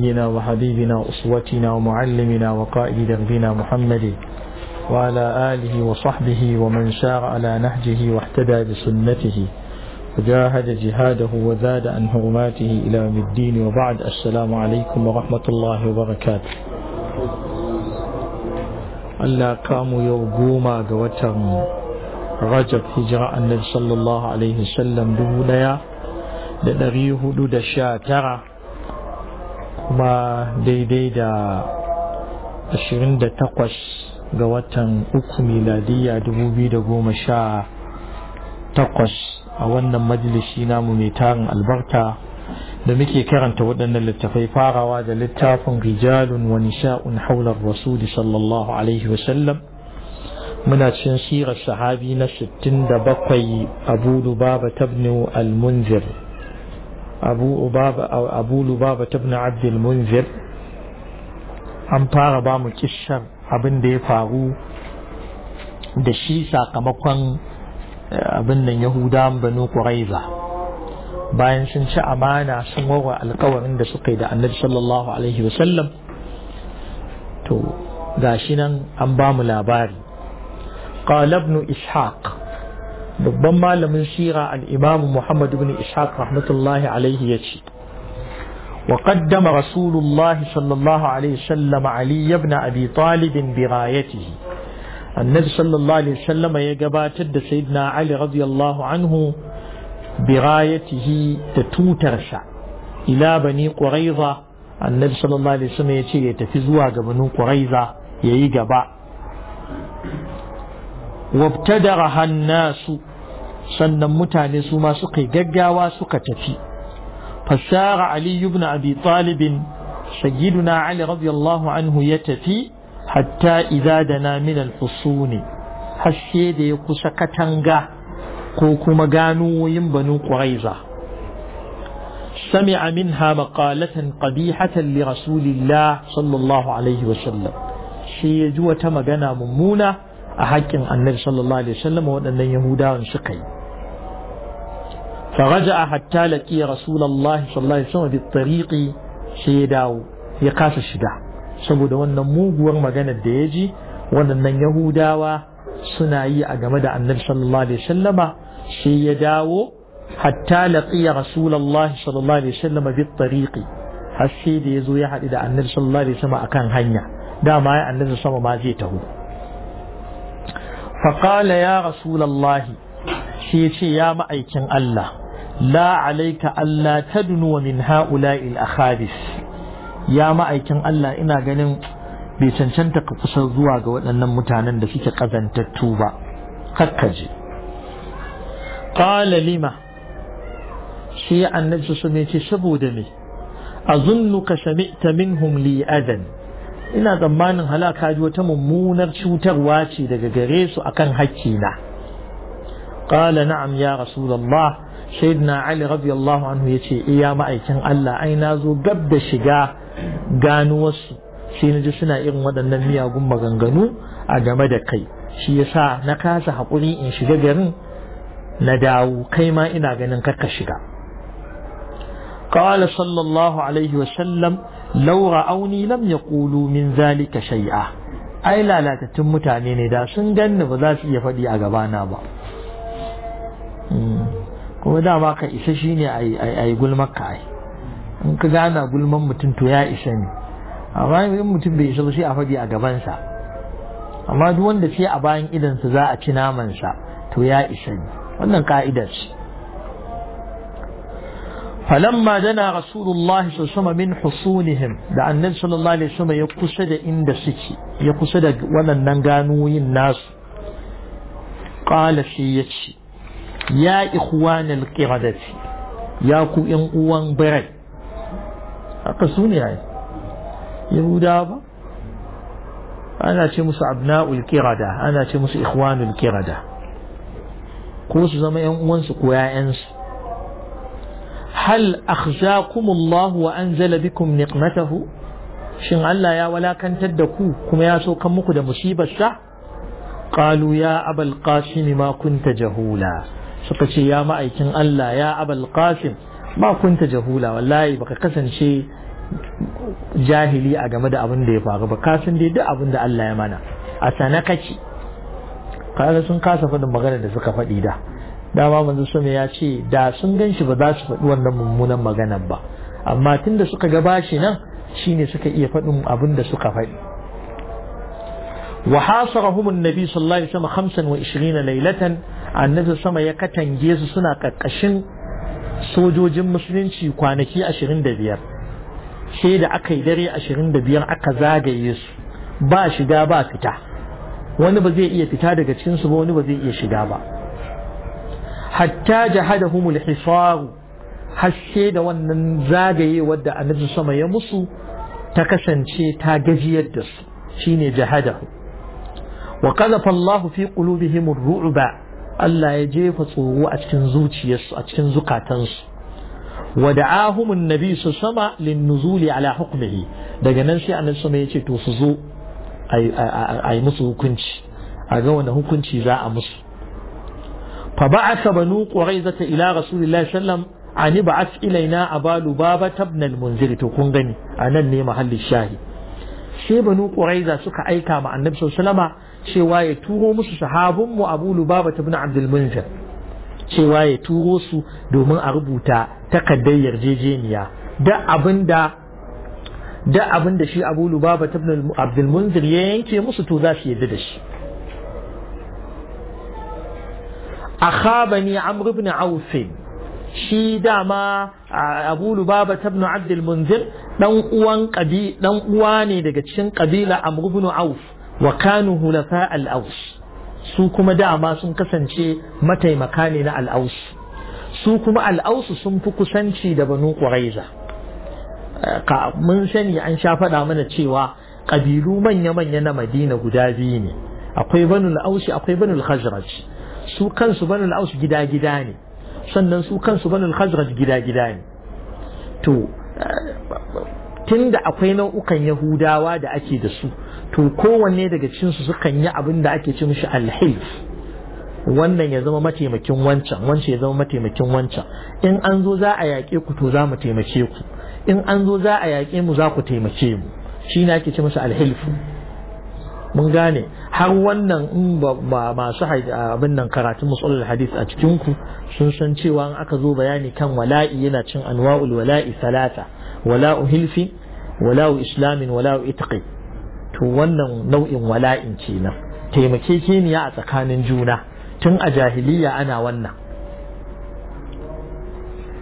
سيدنا وحبيبنا أسوتنا ومعلمنا وقائد دربنا محمد وعلى آله وصحبه ومن سار على نهجه واحتدى بسنته وجاهد جهاده وزاد عن حرماته إلى يوم الدين وبعد السلام عليكم ورحمة الله وبركاته ألا قاموا يوقوما قوتهم رجب هجرة النبي صلى الله عليه وسلم دوليا لنريه دود الشاترة kuma daidai da 28 ga watan uku miladiyya 2018 a wannan majalisi namu mai tarin albarka da muke karanta waɗannan littafai farawa da littafin rijalun wa nisha'un haular rasuli sallallahu alaihi wasallam muna cikin sirar sahabi na 67 abu lubaba tabnu al-munzir abu ubaba aw abu lubaba ibn abd munzir an fara ba mu kishar abin da ya faru da shi sakamakon eh, abin nan yahudawan banu quraiza bayan sun ci amana sun wawa alkawarin da suka yi da annabi sallallahu alaihi to gashi nan an ba mu labari qala ibn ishaq babban malamin sira al’imam Muhammad ibn Ishaq rahmatullahi alaihi ya ce, Wa qaddama Rasulullah sallallahu alaihi sallama Ali ibn Abi Talib birayatihi. Annabi sallallahu alaihi sallama ya gabatar da Sayyidina Ali radiyallahu anhu birayatihi da tutarsa ila bani Quraiza. Annabi sallallahu alaihi ya ce ya tafi zuwa ga banu Quraiza ya yi gaba. wabtadara su sannan mutane su ma suka yi gaggawa suka tafi fasara ali ibn abi talibin sayyiduna ali radiyallahu anhu ya tafi hatta idza dana min al-husuni da ya kusa katanga ko kuma ganuwoyin banu quraiza سمع منها مقالة قبيحة لرسول الله صلى الله عليه وسلم شيء جوة magana mummuna. a hakkin annabi sallallahu alaihi wasallam waɗannan yahudawan suka yi a hatta فرجع حتى لقي رسول الله صلى الله sai ya dawo ya kasa shiga. saboda wannan muguwar maganar da ya ji waɗannan yahudawa suna yi a game da annabi sallallahu alaihi wasallama sai ya dawo hatta laqiya rasulullah sallallahu alaihi wasallama bi tariqi har sai da ya zo ya haɗu da annabi sallallahu alaihi wasallama akan hanya dama ya annabi sama ma zai taho فقال يا رسول الله شيء يا Allah الله لا عليك ألا تدنو من هؤلاء الأخابث يا ma'aikin الله إنا قلن bai cancanta ka kusa zuwa ga waɗannan mutanen da suke ƙazantattu ba kakkaje ƙala lima shi annabi su ne ce saboda me azunnuka sami'ta minhum li adan ina tsammanin halaka ji wata mummunar cutarwa ce daga gare su akan hakkina qala na'am ya rasulullah sayyidina ali radiyallahu anhu ce. iya eh, ma'aikin Allah ai na zo gab da shiga ganuwarsu sai na ji suna irin waɗannan miyagun maganganu a game da kai shi yasa na kasa haƙuri in shiga garin na dawo kai ma ina ganin karka shiga qala sallallahu alaihi wa sallam laura auni lam yaqulu min zalika shai'a. ai lalatattun mutane ne da sun ganni ba za su iya faɗi a gabana ba hmm. kuma dama ka isa shine a yi ka. ai in ka gana gulman mutum to ya isa ne amma in mutum bai isa ba sai a faɗi a gabansa amma duk wanda sai a bayan idansa za a ci namansa to ya isa ne wannan ka'idar فلما دنا رسول الله صلى الله عليه من حصونهم da annabi sallallahu alaihi wasallam ya kusa da inda suke ya kusa da wannan ganoyin nasu qala shi yace ya ikhwanal qiradati ya ku yan uwan birai haka su ne ai yahuda ba ana ce musu abna'ul qirada ana ce musu ikhwanul ko su zama yan uwansu ko 'ya'yansu hal akhshakumullahu wa anzala bikum niqmatahu shin Allah ya walakantar da ku kuma ya so muku da musibar sa Kalu ya abal qasim ma jahula suka ce ya ma'aikin Allah ya abal qasim ma kunta jahula wallahi baka kasance jahili a game da abin da ya faru ba kasan dai duk abin da Allah ya mana a sana kake kaga sun kasa faɗin maganar da suka faɗi da dama manzo sama ya ce da sun gan shi ba za su faɗi wannan mummunan maganan ba amma tunda suka ga bashi nan shine suka iya faɗin abin da suka faɗi wa hasarahum annabi sallallahu alaihi wasallam 25 laylatan annabi sama ya katange su suna kakkashin sojojin musulunci kwanaki 25 sai da aka yi dare 25 aka zagaye su ba shiga ba fita wani ba zai iya fita daga cikinsu ba wani ba zai iya shiga ba hatta jahadahumul hisaru haske da wannan zagaye wadda annabi sama ya musu ta kasance ta gajiyar da su shine jahadahu wa qadhafa Allahu fi qulubihim ar-ru'ba Allah ya jefa tsoro a cikin zuciyarsu a cikin zukatansu wa da'ahum an-nabi sama lin-nuzuli ala hukmihi daga nan sai annabi sama ya ce to su zo ai musu hukunci a ga wani hukunci za a musu فبعث بنو قريظة ila رسول الله صلى الله عليه وسلم ba بعث إلينا أبا لبابة to kun gani a nan ne muhallin الشاهد sai banu ƙuraiza suka aika ma annabi sallama cewa ya turo musu sahabun mu abu lubaba ta bin abdul munzir cewa ya turo su domin a rubuta takardar yarjejeniya da abinda da shi abu lubaba ta abdul munzir ya yanke musu to za su da shi أخابني عمرو بن عوف شي داما أبو لبابة بن عبد المنذر نوان قبيل نواني دقتشن قبيلة عمرو بن عوف وكانوا هلفاء الأوس سوكما داما سن كسنشي متى مكاننا الأوس سوكما الأوس سن كسنشي دبنو قريزة من سني أن شاف دامنا تشيوا قبيلو من يمن ينا مدينة قدابيني أقوي بنو الأوس أقوي بنو الخزرج su kansu banul aus gida-gida ne sannan su kansu banul khazraj gida-gida ne to tunda akwai nau'ukan yahudawa da ake da su to kowanne daga cinsu sukan yi abin da ake ci mishi alhilf wannan ya zama mataimakin wancan wancan ya zama mataimakin wancan in an zo za a yaƙe ku to za mu taimake ku in an zo za a yaƙe mu za ku taimake mu shi na ake ce musu alhilfu mun gane har wannan in ba masu abin nan karatun musulul hadis a cikin ku sun san cewa in aka zo bayani kan wala'i yana cin anwa'ul wala'i salata wala'u hilfi wala'u islamin wala'u itqi to wannan nau'in wala'in kenan taimakekeniya a tsakanin juna tun a jahiliya ana wannan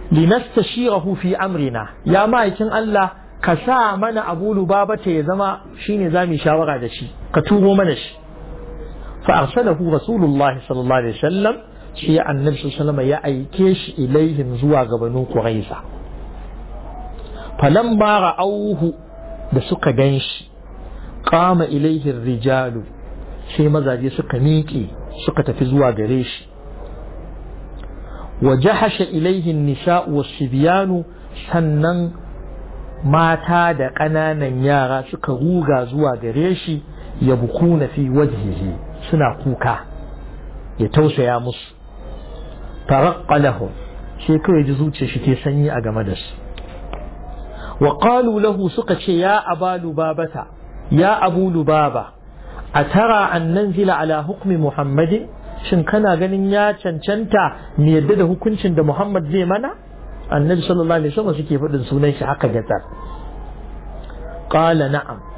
linastashirahu fi amrina ya ma'aikin Allah ka sa mana abu lubabata ya zama shine zamu shawara da shi ka turo mana shi فأرسله رسول الله صلى الله عليه وسلم شيء النبي صلى الله عليه وسلم يأيكيش إليهم زوا غبنو قريزة فلما رأوه da suka gan shi ƙama ilaihin rijalu sai mazaje suka miƙe suka tafi zuwa gare shi wa jahasha ilaihin nisa'u wasu biyanu sannan mata da ƙananan yara suka ruga zuwa gare shi ya bukuna fi wajihi. suna kuka ya tausaya musu taraqqa lahum shi kawai ji zuciya shi ke sanyi a game da su wa qalu lahu suka ce ya abalu babata ya abu lubaba a tara an nanzila ala hukmi muhammadin shin kana ganin ya cancanta mu yadda da hukuncin da muhammad zai mana annabi sallallahu alaihi wasallam suke faɗin sunan shi haka gatsar qala na'am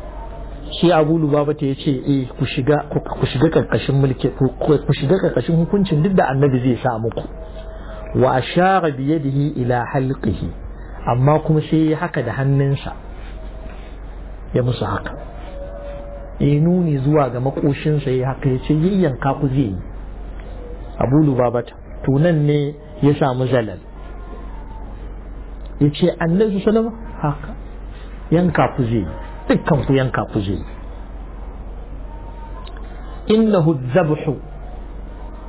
shi abu lubaba ta yace eh ku shiga ku shiga karkashin mulki ku shiga karkashin hukuncin duk da annabi zai sa muku wa ashara bi yadihi ila halqihi amma kuma sai haka da hannunsa ya musu haka ya nuni zuwa ga makoshinsa ya haka ya ce yayyanka ku zai yi abu lubaba ta tunan ne ya samu zalal ya ce annabi salama haka yanka ku zai yi dukkan ku yanka ku je innahu dhabhu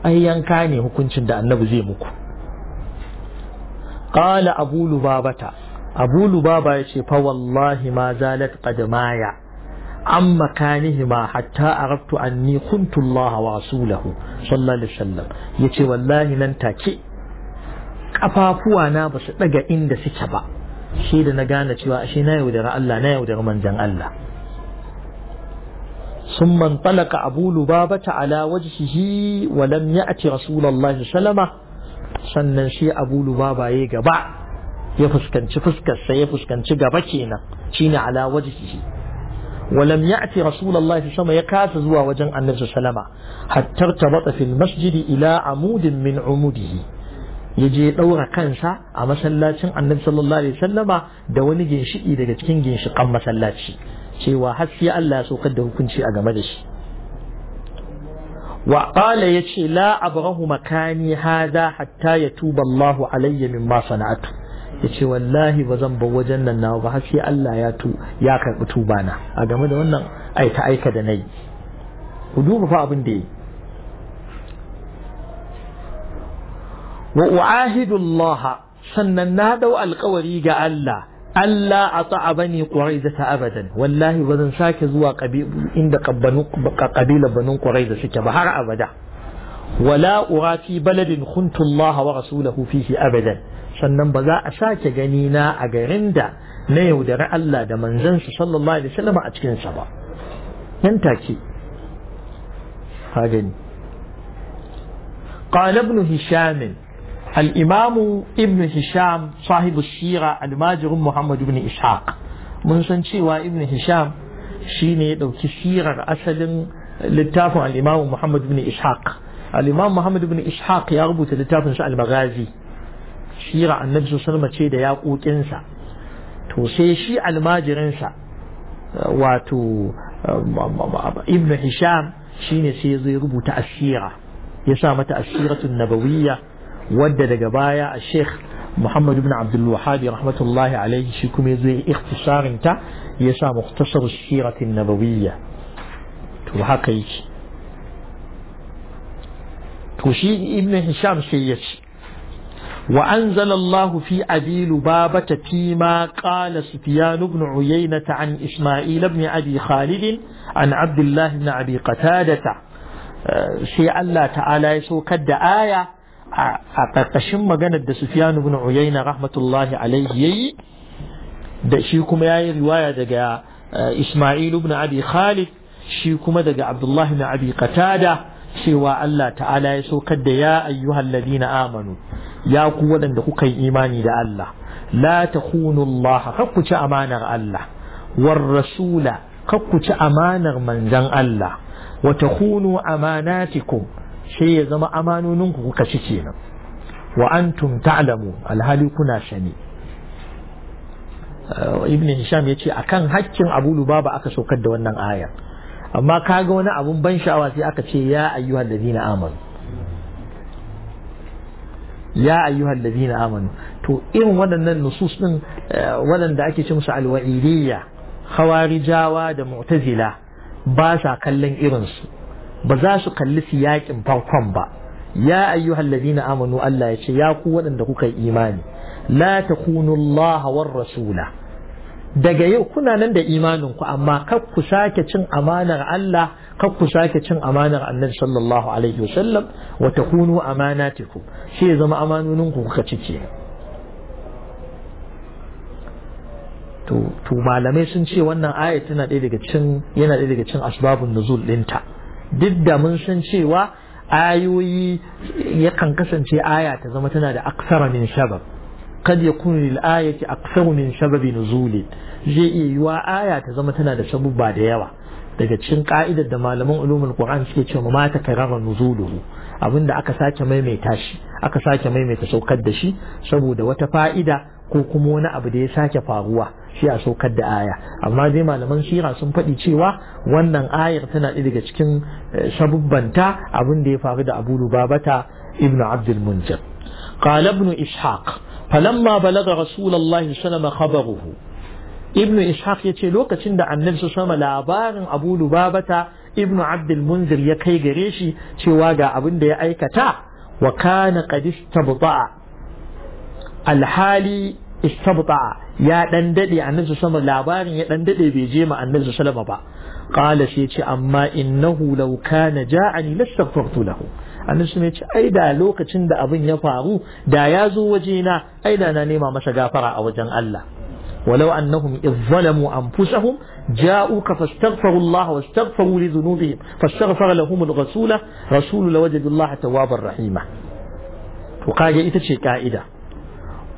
ai yanka ne hukuncin da annabi zai muku qala abu lubabata abu lubaba yace fa wallahi ma zalat qadmaya an ma hatta arabtu anni kuntu Allah wa rasulahu sallallahu alaihi wasallam yace wallahi nan take kafafuwa na basu daga inda suke ba shi da na gane cewa ashe na yaudara Allah na yaudara manzan Allah sun man talaka abu lubabata ala wajhihi wa lam ya'ti rasulullahi sallama sannan shi abu lubaba ya gaba ya fuskanci fuskarsa ya fuskanci gaba kenan shine ala wajhihi wa lam ya'ti rasulullahi sallama ya kasa zuwa wajen annabi sallama hatta tabata fil masjidi ila amudin min umudihi ya je ɗaura kansa a masallacin annabi sallallahu alaihi wasallama da wani ginshiki daga cikin ginshikan masallaci cewa haske Allah ya saukar da hukunci a game da shi wa qala yace la abrahu makani hada hatta yatuba Allahu alayya mimma sana'atu yace wallahi ba zan bar wajen nan na ba haske Allah ya tu ya karbi tubana a game da wannan aika aika da nayi ku duba fa abin da yi wa u'ahidullah sannan na dau alƙawari ga Allah Allah a ta'a bani ƙwarai ta abadan wallahi ba zan sake zuwa inda ƙabila banin ƙwarai da suke ba har abada wala ura fi baladin kuntullaha wa rasuluhu fihi abadan sannan ba za a sake gani na a garin da na yaudari Allah da manzansa sallallahu alaihi wasallam a cikin sa ba nan take ka gani qala ibn al'imamu ibn hisham sahibu shira almajirin muhammad ibn ishaq mun san cewa ibn hisham shi ne ya ɗauki sirar asalin littafin al'imamu muhammad ibn ishaq al'imamu muhammad ibn ishaq ya rubuta littafin su al-maghazi shira annabi su sarma ce da yaƙoƙinsa to sai shi almajirinsa wato ibn hisham shine sai zai rubuta asira ya sa mata asiratun nabawiyya wadda daga baya a sheikh muhammad ibn abdulwahabi rahmatullahi alaihi shi kuma ya zo ya ikhtisarin ta ya sa mukhtasar siratin nabawiyya to haka yake to shi ibn hisham sai ya ce وأنزل الله fi abil babata fi ma qala sufyan ibn uyaynah an isma'il ibn abi khalid an abdullah ibn abi qatadah sai Allah ta'ala ya saukar da aya a ƙarƙashin maganar da Sufyan ibn Uyayna rahmatullahi alaihi yayi da shi kuma yayi riwaya daga eh, Isma'il ibn Abi Khalid shi kuma daga Abdullah ibn Abi Qatada cewa Allah ta'ala ya so da ya ayyuhal ladina amanu ya ku waɗanda kuka yi imani da Allah la takhunu Allah kakku ci amanar Allah war rasula kakku ci amanar manzon Allah wa takhunu amanatikum sai ya zama amanoninku kuka ci kenan wa antum ta'lamu alhali kuna shani. Uh, ibn hisham yace akan hakkin abu lubaba aka saukar da wannan aya. amma kaga wani abun ban sha'awa sai aka ce ya ayyuhal ladina amanu ya ayyuhal ladina amanu to irin waɗannan nusus din uh, waɗanda ake ce musu alwa'idiyya khawarijawa da mu'tazila ba sa kallon irinsu ba za su kalli siyakin farkon ba ya ayyuhal ladina amanu Allah ya ce ya ku waɗanda kuka yi imani la takunu Allah war rasula daga yau kuna nan da imanin ku amma kar ku sake cin amanar Allah kar ku sake cin amanar Annabi sallallahu alaihi wasallam wa takunu amanatikum shi zama amanonin ku kuka cike to malamai sun ce wannan aya tana daga cin yana daya daga cin asbabun nuzul ɗinta duk da mun san cewa ayoyi yakan kasance aya ta zama tana da aksara min shabab kad yakunu lil ayati aksaru min shababi nuzuli zai iya yiwa aya ta zama tana da sabubba da yawa daga cikin ka'idar da malaman ulumul qur'an suke cewa ma ta karara nuzuluhu abinda aka sake maimaita shi aka sake maimaita saukar da shi saboda wata fa'ida ko kuma wani abu da ya sake faruwa shi a saukar da aya amma dai malaman sira sun faɗi cewa wannan ayar tana ɗaya daga cikin eh, sabubbanta abin da ya faru da abu lubabata ibnu abdul munzir qala ibnu ishaq falamma balaga rasulullahi sallallahu alaihi wasallam ibnu ishaq ce lokacin da annabi sama labarin abu lubabata ibnu abdul munzir ya kai gare shi cewa ga abin da ya aikata wa kana qad istabta'a alhali istabta'a ya dan dade annabi sama labarin ya dan dade bai je ma annabi sallama ba qala sai ce amma innahu law kana ja'ani lastaghfartu lahu annabi sai ce ai da lokacin da abin ya faru da ya zo wajena. ai da na nema masa gafara a wajen Allah ولو أنهم إذ ظلموا أنفسهم جاءوك فاستغفروا الله واستغفروا لذنوبهم فاستغفر لهم الرسول رسول لوجدوا الله توابا رحيما وقال إتشي قائدة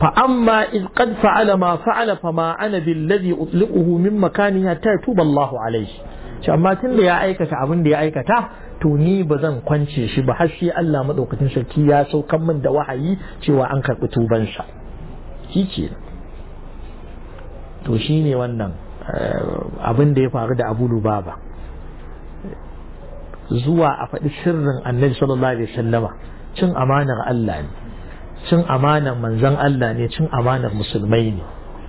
فأما إذ قد فعل ما فعل فما أنا بالذي أطلقه من مكاني حتى الله عليه shi amma tun da ya aikata abin da ya aikata to ni ba zan kwance shi ba har shi Allah madaukakin sarki ya saukan min da wahayi cewa an karɓi tubansa shi ke, to shi ne wannan abin da ya faru da Abu Lubaba zuwa a faɗi sirrin Annabi sallallahu alaihi wasallama cin amanar Allah ne cin amanar manzan Allah ne cin amanar musulmai ne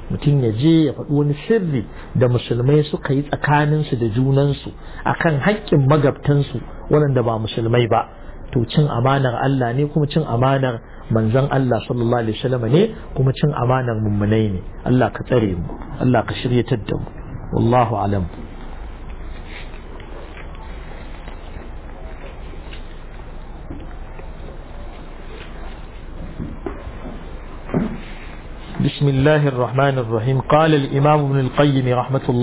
mutum ya je ya faɗi wani sirri da musulmai suka yi tsakaninsu da junansu a kan haƙƙin magabtansu waɗanda ba musulmai ba to cin amanar Allah ne kuma cin amanar manzan Allah sallallahu alaihi wasallam ne kuma cin amanar mummunai ne Allah ka tsare mu Allah ka shiryatar da mu wallahu alam بسم الله الرحمن الرحيم قال الإمام ابن القيم رحمة الله